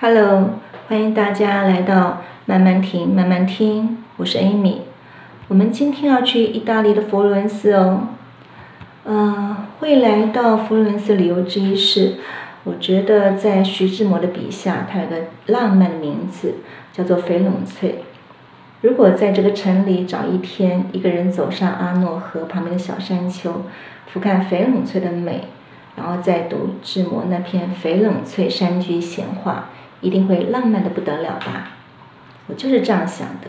Hello，歡迎大家來到慢慢聽，慢慢聽，我是 Amy。我們今天要去意大利的佛羅倫斯哦。嗯、呃，會來到佛羅倫斯的理由之一是，我覺得在徐志摩的筆下，它有個浪漫的名字叫做翡冷翠。如果在這個城裡找一天，一個人走上阿諾河旁邊的小山丘，俯瞰翡冷翠的美，然後再讀志摩那篇《翡冷翠山居閒話》。一定會浪漫的不得了吧？我就是這樣想的。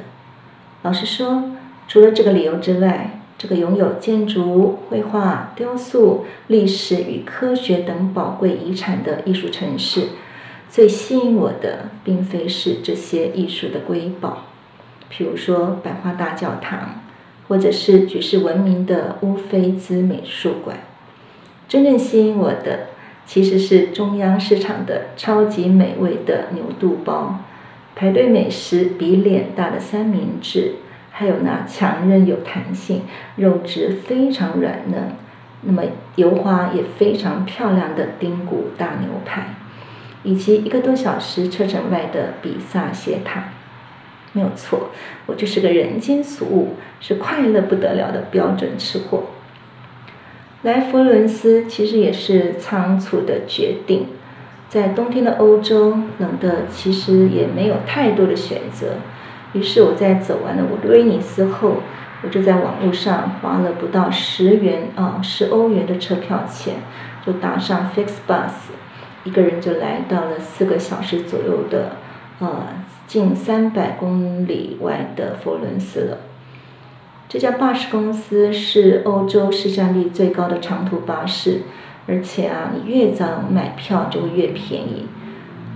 老實說，除了這個理由之外，這個擁有建築、繪畫、雕塑、歷史與科學等寶貴遺產的藝術城市，最吸引我的，並非是這些藝術的瑰寶，譬如說百花大教堂，或者是舉世聞名的烏菲茲美術館。真正吸引我的。其實是中央市場的超級美味的牛肚包，排隊美食比臉大的三明治，還有那強韌有彈性、肉質非常軟嫩、那麼油花也非常漂亮的丁骨大牛排，以及一個多小時車程外的比薩斜塔，沒有錯，我就是個人間俗物，是快樂不得了的標準吃貨。來佛羅倫斯其實也是倉促的決定，在冬天的歐洲，冷的其實也沒有太多的選擇。於是我在走完了我的威尼斯後，我就在網絡上花了不到十元啊、呃，十歐元的車票錢，就搭上 Flix bus，一個人就來到了四個小時左右的呃，近三百公里外的佛羅倫斯了。這家巴士公司是歐洲市佔率最高的長途巴士，而且啊，你越早買票就會越便宜。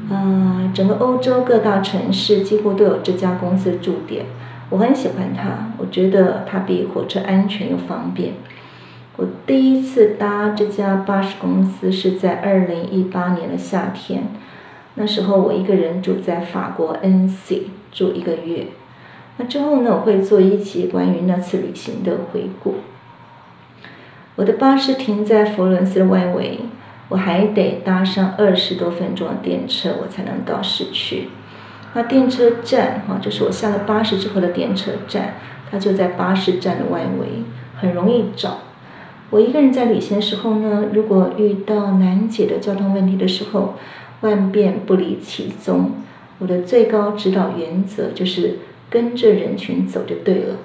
嗯、呃，整個歐洲各大城市幾乎都有這家公司駐點。我很喜歡它，我覺得它比火車安全又方便。我第一次搭這家巴士公司是在二零一八年的夏天，那時候我一個人住在法國 N C 住一個月。那之後呢，我會做一期關於那次旅行的回顧。我的巴士停在佛羅倫斯的外圍，我還得搭上二十多分鐘的電車，我才能到市區。那電車站哈，就是我下了巴士之後的電車站，它就在巴士站的外圍，很容易找。我一個人在旅行的時候呢，如果遇到難解的交通問題的時候，萬變不離其宗，我的最高指導原則就是。跟着人群走就對了。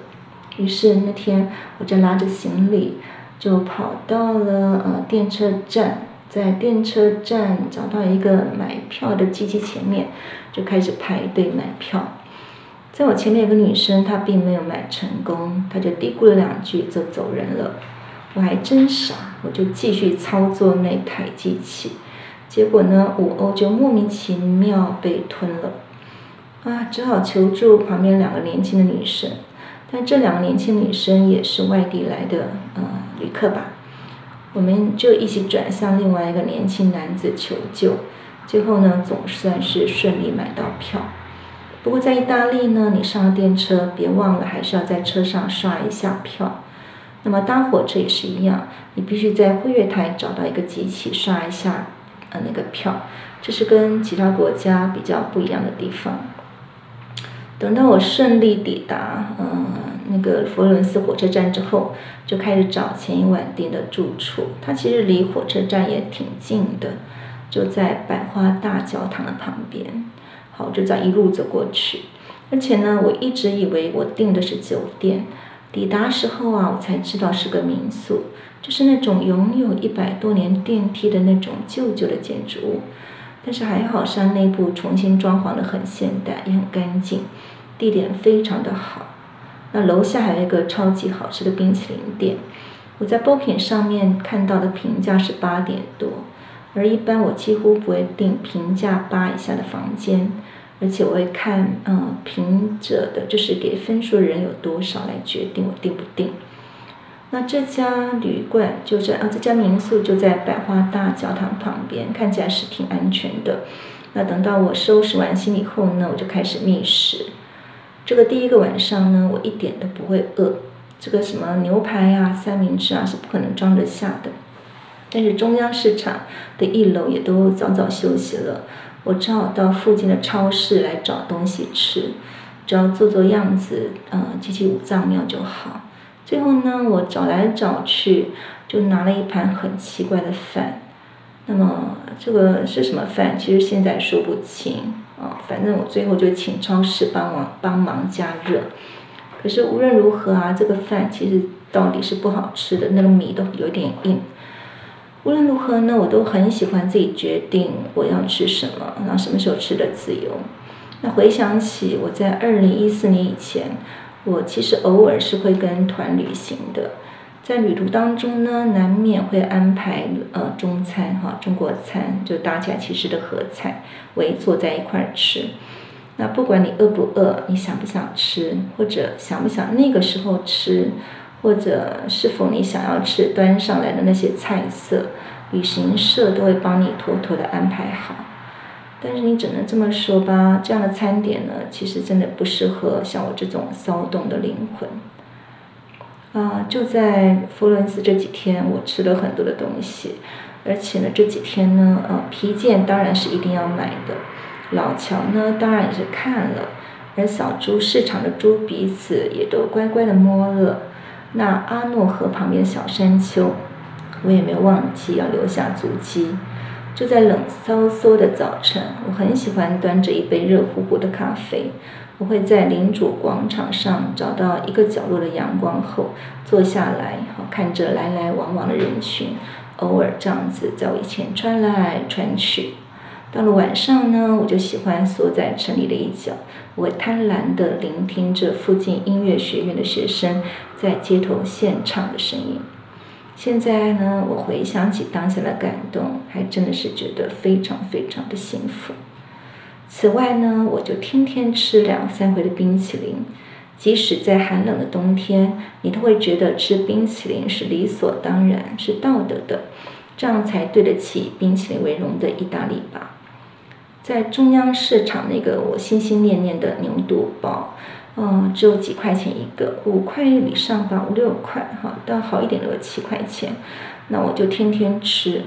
於是那天我就拉着行李就跑到了呃電車站，在電車站找到一個買票的機器前面就開始排隊買票。在我前面有個女生，她並沒有買成功，她就嘀咕了兩句就走人了。我還真傻，我就繼續操作那台機器，結果呢，五歐就莫名其妙被吞了。啊，只好求助旁邊兩個年輕的女生，但這兩個年輕女生也是外地來的，呃，旅客吧，我們就一起轉向另外一個年輕男子求救，最後呢，總算是順利買到票。不過在意大利呢，你上了電車，別忘了還是要在車上刷一下票。那麼搭火車也是一樣，你必須在會月台找到一個機器刷一下，呃，那個票，這是跟其他國家比較不一樣的地方。等到我順利抵達，嗯，那個佛羅倫斯火車站之後，就開始找前一晚訂的住處。它其實離火車站也挺近的，就在百花大教堂的旁邊。好，就這樣一路走過去。而且呢，我一直以為我訂的是酒店，抵達時候啊，我才知道是個民宿，就是那種擁有一百多年電梯的那種舊舊的建築物。但是還好，山內部重新裝潢的很現代，也很乾淨。地點非常的好，那樓下還有一個超級好吃的冰淇淋店。我在 Booking 上面看到的評價是八點多，而一般我幾乎不會訂評價八以下的房間，而且我會看，嗯，評者的就是給分數的人有多少來決定我定不定。那這家旅館就在啊，這家民宿就在百花大教堂旁邊，看起來是挺安全的。那等到我收拾完行李後呢，我就開始覓食。這個第一個晚上呢，我一點都不會餓。這個什麼牛排啊、三明治啊，是不可能裝得下的。但是中央市場的一樓也都早早休息了，我只好到附近的超市來找東西吃，只要做做樣子，嗯、呃，祭祭五臟廟就好。最後呢，我找來找去，就拿了一盤很奇怪的飯。那麼這個是什麼飯？其實現在說不清。啊、哦，反正我最後就請超市幫忙幫忙加熱。可是無論如何啊，這個飯其實到底是不好吃的，那個米都有點硬。無論如何呢，我都很喜歡自己決定我要吃什麼，然後什麼時候吃的自由。那回想起我在二零一四年以前，我其實偶爾是會跟團旅行的。在旅途當中呢，難免會安排呃中餐哈，中國餐就大家其實的合菜圍坐在一塊兒吃。那不管你餓不餓，你想不想吃，或者想不想那個時候吃，或者是否你想要吃端上來的那些菜色，旅行社都會幫你妥妥的安排好。但是你只能這麼說吧，這樣的餐點呢，其實真的不適合像我這種騷動的靈魂。啊、呃，就在佛羅倫斯這幾天，我吃了很多的東西，而且呢，這幾天呢，呃，皮件當然是一定要買的，老喬呢，當然也是看了，而小豬市場的豬鼻子也都乖乖的摸了，那阿諾河旁邊的小山丘，我也沒有忘記要留下足跡。就在冷颼颼的早晨，我很喜歡端着一杯熱乎乎的咖啡。我會在領主廣場上找到一個角落的陽光後坐下來，好看着來來往往的人群，偶爾這樣子在我眼前穿來穿去。到了晚上呢，我就喜歡縮在城裡的一角，我貪婪地聆聽着附近音樂學院的學生在街頭獻唱的聲音。現在呢，我回想起當下的感動，還真的是覺得非常非常的幸福。此外呢，我就天天吃兩三回的冰淇淋，即使在寒冷的冬天，你都會覺得吃冰淇淋是理所當然，是道德的，這樣才對得起冰淇淋為榮的意大利吧。在中央市場那個我心心念念的牛肚包，嗯，只有幾塊錢一個，五塊以上吧，五六塊哈，但好一點的有七塊錢，那我就天天吃。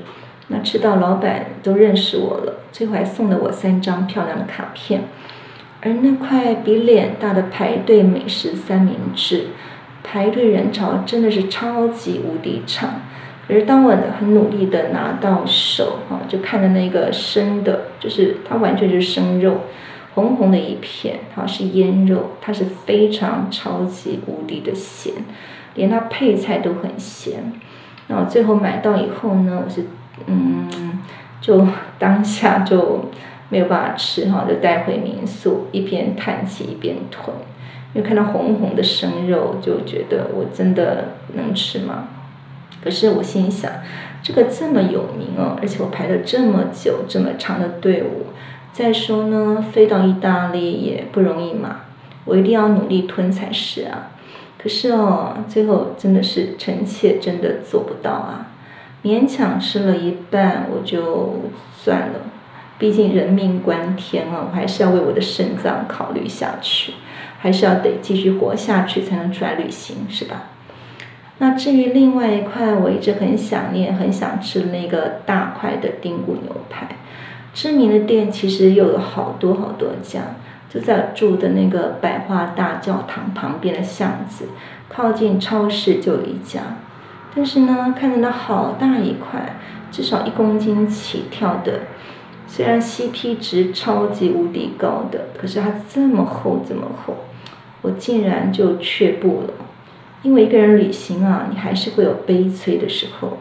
那吃到老闆都認識我了，最後還送了我三張漂亮的卡片。而那塊比臉大的排隊美食三明治，排隊人潮真的是超級無敵長。可是當我很努力的拿到手，哈，就看到那個生的，就是它完全就是生肉，紅紅的一片，它是醃肉，它是非常超級無敵的鹹，連它配菜都很鹹。那我最後買到以後呢，我是。嗯，就當下就沒有辦法吃哈，就帶回民宿，一邊嘆氣一邊吞。因為看到紅紅的生肉，就覺得我真的能吃嗎？可是我心想，這個這麼有名哦，而且我排了這麼久這麼長的隊伍。再說呢，飛到意大利也不容易嘛，我一定要努力吞才是啊。可是哦，最後真的是臣妾真的做不到啊。勉強吃了一半我就算了，畢竟人命關天了，我還是要為我的腎臟考慮下去，還是要得繼續活下去才能出來旅行，是吧？那至於另外一塊，我一直很想念，很想吃的那個大塊的丁骨牛排，知名的店其實又有好多好多家，就在住的那個百花大教堂旁邊的巷子，靠近超市就有一家。但是呢，看着它好大一塊，至少一公斤起跳的。雖然 CP 值超級無敵高的，可是它這麼厚，這麼厚，我竟然就卻步了。因為一個人旅行啊，你還是會有悲催的時候。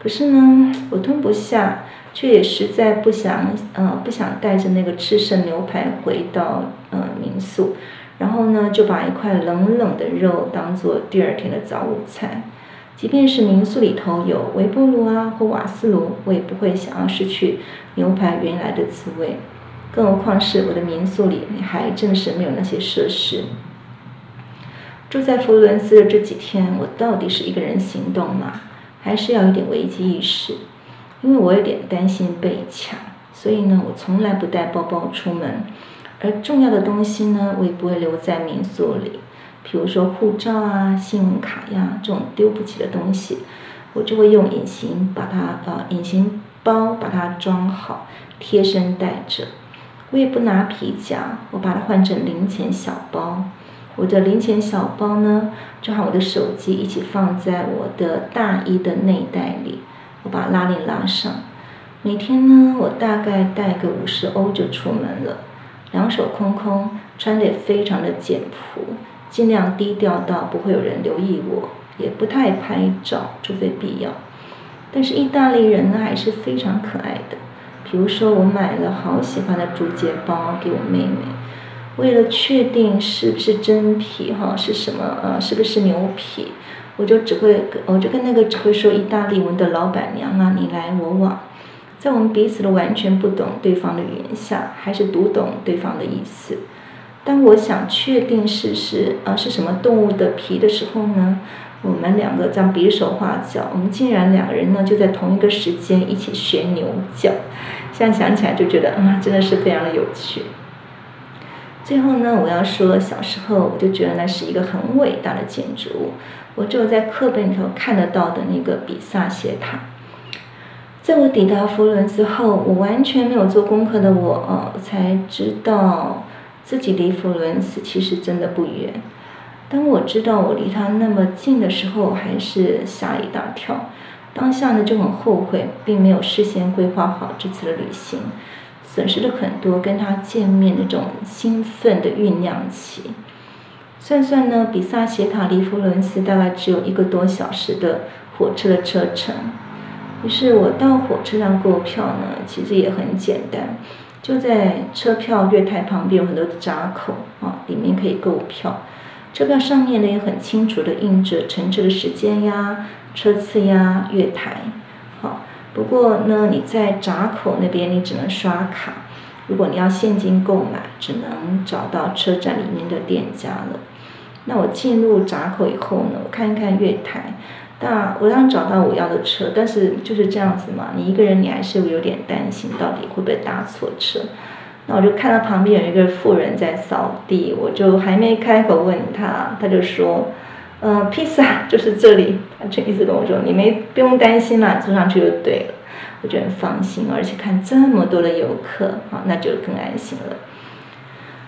可是呢，我吞不下，卻也實在不想，呃，不想帶着那個吃剩牛排回到呃民宿。然後呢，就把一塊冷冷的肉當做第二天的早午餐。即便是民宿裡頭有微波爐啊或瓦斯爐，我也不會想要失去牛排原來的滋味，更何況是我的民宿裡你還真是沒有那些設施。住在佛羅倫斯的這幾天，我到底是一個人行動嗎？還是要有點危機意識？因為我有點擔心被搶，所以呢，我從來不帶包包出門，而重要的東西呢，我也不會留在民宿裡。比如說護照啊、信用卡呀這種丟不起的東西，我就會用隱形把它呃、啊、隱形包把它裝好，貼身帶着。我也不拿皮夾，我把它換成零錢小包。我的零錢小包呢，就和我的手機一起放在我的大衣的內袋裡，我把拉鏈拉上。每天呢，我大概帶個五十歐就出門了，兩手空空，穿得也非常的簡樸。儘量低調到不會有人留意我，也不太拍照，除非必要。但是意大利人呢，還是非常可愛的。比如說，我買了好喜歡的竹節包給我妹妹，為了確定是不是真皮哈，是什麼呃，是不是牛皮，我就只會跟，我就跟那個只會說意大利文的老闆娘啊，你來我往，在我們彼此都完全不懂對方的語言下，還是讀懂對方的意思。當我想確定是是啊是什麼動物的皮的時候呢，我們兩個這樣比手畫腳，我們竟然兩個人呢就在同一個時間一起學牛叫，現在想起來就覺得啊、嗯、真的是非常的有趣。最後呢，我要說小時候我就覺得那是一個很偉大的建築物，我只有在課本裡頭看得到的那個比薩斜塔。在我抵達佛羅倫斯之後，我完全沒有做功課的我、啊、我才知道。自己離佛羅倫斯其實真的不遠。當我知道我離他那麼近的時候，還是嚇了一大跳。當下呢，就很後悔，並沒有事先規劃好這次的旅行，損失了很多跟他見面的那種興奮的醞釀期。算算呢，比薩斜塔離佛羅倫斯大概只有一個多小時的火車的車程。於是我到火車站購票呢，其實也很簡單。就在車票月台旁邊有很多的閘口啊、哦，裡面可以購票。車票上面呢也很清楚的印着乘車的時間呀、車次呀、月台。好、哦，不過呢你在閘口那邊你只能刷卡，如果你要現金購買，只能找到車站裡面的店家了。那我進入閘口以後呢，我看看月台。那我想找到我要的車，但是就是這樣子嘛，你一個人你還是有點擔心，到底會不會搭錯車。那我就看到旁邊有一個婦人在掃地，我就還沒開口問他，他就說：“呃，比薩就是這裡。”他就一直跟我說：“你沒不用擔心啦，坐上去就對了。”我就很放心，而且看這麼多的遊客啊，那就更安心了。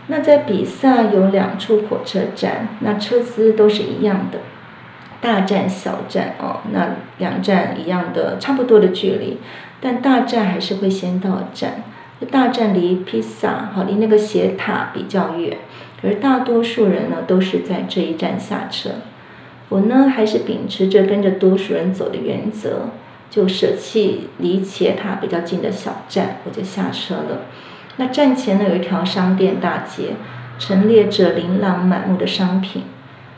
那在比薩有兩處火車站，那車次都是一樣的。大站小站哦，那兩站一樣的差不多的距離，但大站還是會先到站。大站離比薩好，離那個斜塔比較遠，而大多數人呢都是在這一站下車。我呢還是秉持着跟着多數人走的原則，就舍棄離斜塔比較近的小站，我就下車了。那站前呢有一條商店大街，陳列着琳琅滿目的商品。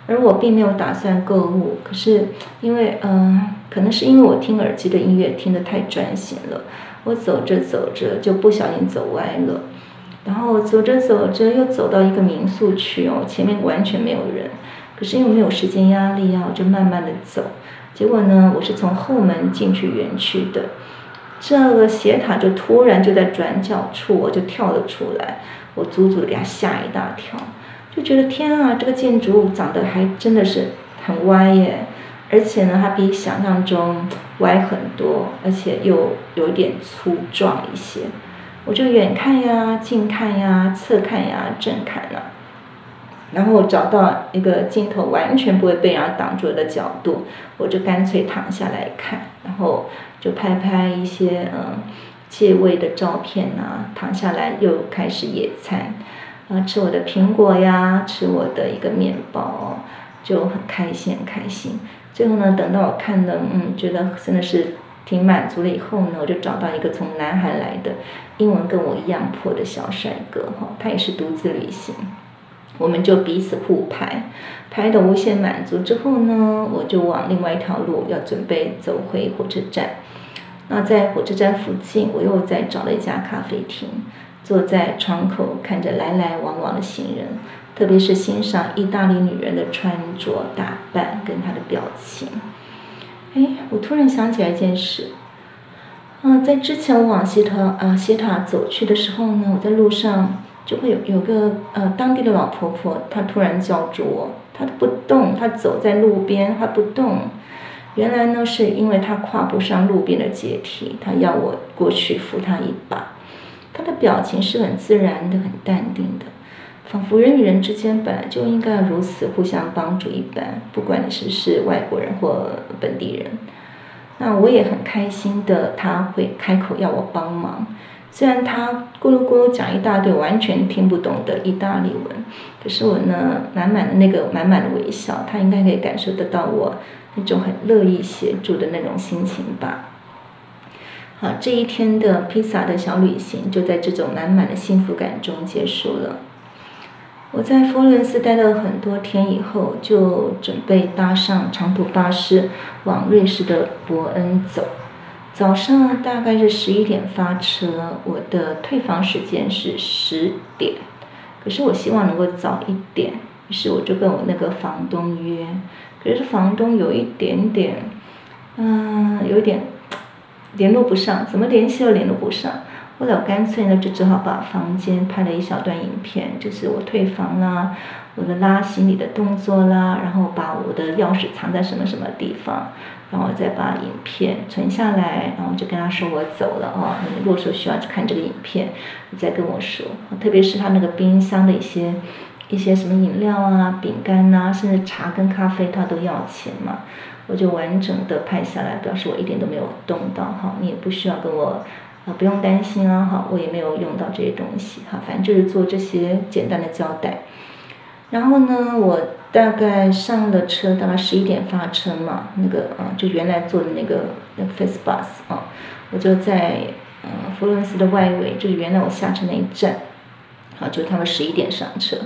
而我並沒有打算購物，可是因為嗯、呃，可能是因為我聽耳機的音樂聽得太專心了，我走着走着就不小心走歪了，然後走着走着又走到一個民宿區哦，前面完全沒有人，可是又沒有時間壓力啊，我就慢慢的走，結果呢，我是從後門進去園區的，這個斜塔就突然就在轉角處，我就跳了出來，我足足給他嚇一大跳。就覺得天啊，這個建築物長得還真的是很歪耶，而且呢，它比想象中歪很多，而且又有點粗壯一些。我就遠看呀，近看呀，側看呀，正看吶。然後找到一個鏡頭完全不會被人家擋住的角度，我就乾脆躺下來看，然後就拍拍一些嗯借位的照片吶，躺下來又開始野餐。啊，吃我的蘋果呀，吃我的一個麵包，就很開心，很開心。最後呢，等到我看的，嗯，覺得真的是挺滿足了以後呢，我就找到一個從南海來的，英文跟我一樣破的小帥哥哈、哦，他也是獨自旅行，我們就彼此互拍，拍的無限滿足之後呢，我就往另外一條路要準備走回火車站。那在火車站附近，我又再找了一家咖啡廳。坐在窗口看着來來往往的行人，特別是欣賞意大利女人的穿着打扮跟她的表情。哎，我突然想起來一件事。嗯、呃，在之前我往斜塔啊、呃、斜塔走去的時候呢，我在路上就會有有個呃當地的老婆婆，她突然叫住我，她都不動，她走在路邊，她不動。原來呢，是因為她跨不上路邊的階梯，她要我過去扶她一把。他的表情是很自然的，很淡定的，仿佛人與人之間本來就應該如此互相幫助一般，不管你是不是外國人或本地人。那我也很開心的，他會開口要我幫忙，雖然他咕嚕咕嚕講一大堆完全聽不懂的意大利文，可是我呢，滿滿的那個滿滿的微笑，他應該可以感受得到我那種很樂意協助的那種心情吧。好，這一天的比薩的小旅行就在這種滿滿的幸福感中結束了。我在佛羅倫斯待了很多天以後，就準備搭上長途巴士往瑞士的伯恩走。早上大概是十一點發車，我的退房時間是十點，可是我希望能夠早一點，於是我就跟我那個房東約，可是房東有一點點，嗯、呃，有點。聯絡不上，怎麼聯繫都聯絡不上。後來我乾脆呢，就只好把房間拍了一小段影片，就是我退房啦，我的拉行李的動作啦，然後把我的鑰匙藏在什麼什麼地方，然後再把影片存下來，然後我就跟他說我走了啊、哦、如果說需要去看這個影片，你再跟我說。特別是他那個冰箱的一些。一些什麼飲料啊、餅乾吶、啊，甚至茶跟咖啡，它都要錢嘛。我就完整的拍下來，表示我一點都沒有動到哈。你也不需要跟我啊、呃，不用擔心啊哈。我也沒有用到這些東西哈。反正就是做這些簡單的交代。然後呢，我大概上了車，大概十一點發車嘛。那個啊、呃，就原來坐的那個那個 Flix bus 啊、哦，我就在嗯佛羅倫斯的外圍，就是原來我下車那一站。好，就他們十一點上車。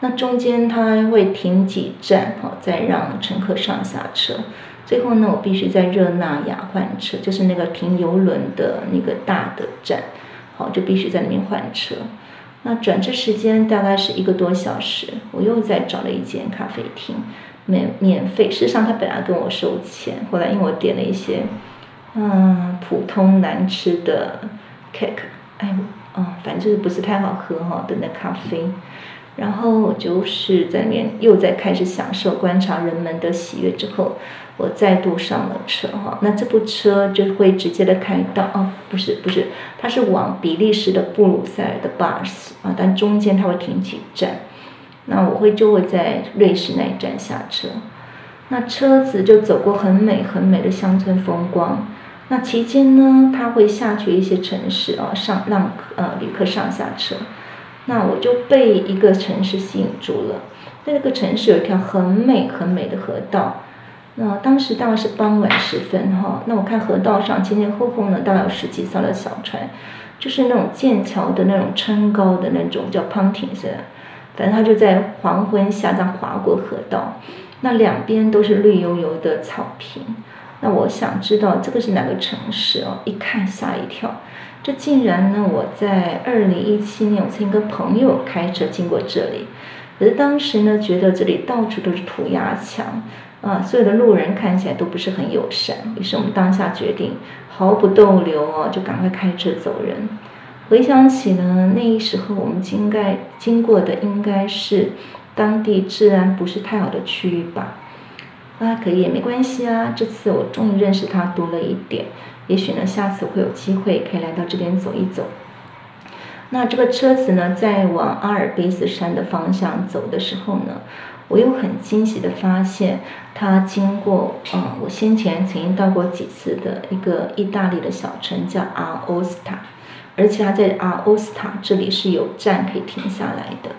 那中間他會停幾站，好、哦，再讓乘客上下車。最後呢，我必須在熱那亞換車，就是那個停郵輪的那個大的站，好、哦，就必須在裡面換車。那轉車時間大概是一個多小時。我又再找了一間咖啡廳，免免費。事實上他本來跟我收錢，後來因為我點了一些，嗯，普通難吃的 cake，哎，哦，反正就是不是太好喝哈的那咖啡。然後我就是在裡面又在開始享受觀察人們的喜悅之後，我再度上了車哈、哦。那這部車就會直接的開到啊、哦，不是不是，它是往比利時的布魯塞爾的 bus 啊，但中間它會停幾站。那我會就會在瑞士那一站下車。那車子就走過很美很美的鄉村風光。那期間呢，它會下去一些城市啊，上讓呃旅客上下車。那我就被一個城市吸引住了，在那個城市有一條很美很美的河道。那當時大概是傍晚時分哈、哦，那我看河道上前前後後呢，大概有十幾艘的小船，就是那種劍橋的那種撐高的那種叫 punting 是的，反正它就在黃昏下在劃過河道。那兩邊都是綠油油的草坪。那我想知道這個是哪個城市哦，一看嚇一跳。這竟然呢？我在二零一七年，我曾跟朋友開車經過這裡，可是當時呢，覺得這裡到處都是塗鴉牆，啊，所有的路人看起來都不是很友善。於是我們當下決定毫不逗留哦、啊，就趕快開車走人。回想起呢，那時候我們應該經過的應該是當地治安不是太好的區域吧？啊，可以，沒關係啊。這次我終於認識他多了一點。也許呢，下次會有機會可以來到這邊走一走。那這個車子呢，在往阿爾卑斯山的方向走的時候呢，我又很驚喜的發現，它經過嗯、呃，我先前曾經到過幾次的一個意大利的小城叫阿歐斯塔，而且它在阿歐斯塔這裡是有站可以停下來的。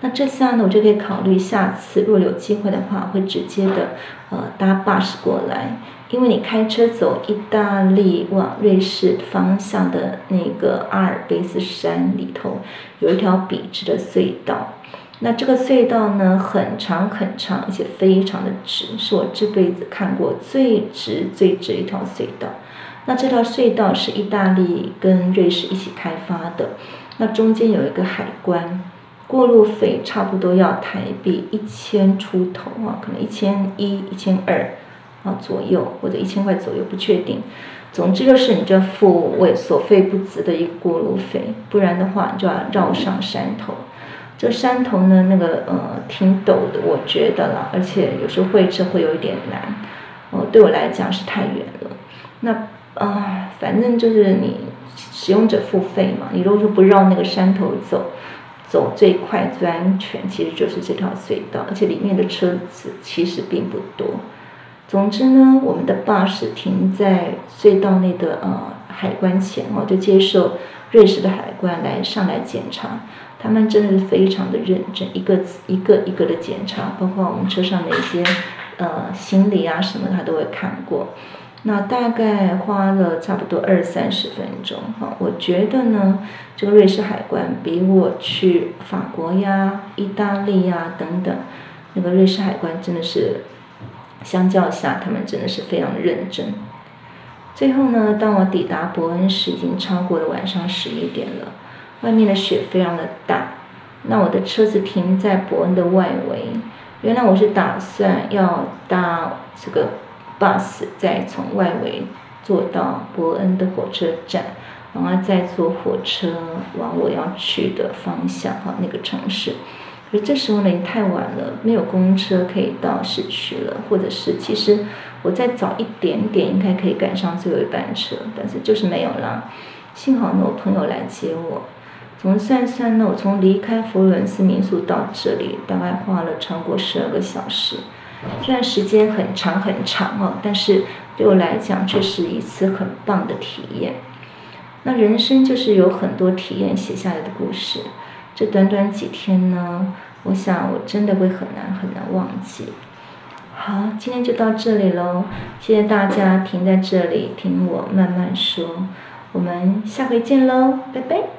那這下、啊、呢，我就可以考慮下次若有機會的話，會直接的呃搭巴士過來。因為你開車走意大利往瑞士方向的那個阿爾卑斯山裡頭，有一條筆直的隧道。那這個隧道呢，很長很長，而且非常的直，是我這輩子看過最直最直一條隧道。那這條隧道是意大利跟瑞士一起開發的。那中間有一個海關，過路費差不多要台幣一千出頭啊，可能一千一、一千二。左右或者一千塊左右，不確定。總之就是你這付費所費不值的一個過路費，不然的話你就要繞上山頭。這山頭呢，那個呃挺陡的，我覺得了，而且有時候會車會有一點難。哦、呃，對我來講是太遠了。那啊、呃，反正就是你使用者付費嘛。你如果說不繞那個山頭走，走最快最安全，其實就是這條隧道，而且裡面的車子其實並不多。總之呢，我們的巴士停在隧道內的呃海關前哦，就接受瑞士的海關來上來檢查。他們真的是非常的認真，一個一個一個的檢查，包括我們車上的一些呃行李啊什麼，他都會看過。那大概花了差不多二三十分鐘哈、哦，我覺得呢，這個瑞士海關比我去法國呀、意大利呀等等，那個瑞士海關真的是。相較下，他們真的是非常認真。最後呢，當我抵達伯恩時，已經超過了晚上十一點了。外面的雪非常的大。那我的車子停在伯恩的外圍。原來我是打算要搭這個 bus，再從外圍坐到伯恩的火車站，然後再坐火車往我要去的方向哈，那個城市。所以這時候呢，也太晚了，沒有公車可以到市區了，或者是其實我再早一點點，應該可以趕上最後一班車，但是就是沒有了。幸好呢，我朋友來接我，總算算呢，我從離開佛羅倫斯民宿到這裡，大概花了超過十二個小時。雖然時間很長很長哦，但是對我來講，這是一次很棒的體驗。那人生就是有很多體驗寫下來的故事。這短短幾天呢，我想我真的會很難很難忘記。好，今天就到這裡嘍，謝謝大家停在這裡，聽我慢慢說，我們下回見嘍，拜拜。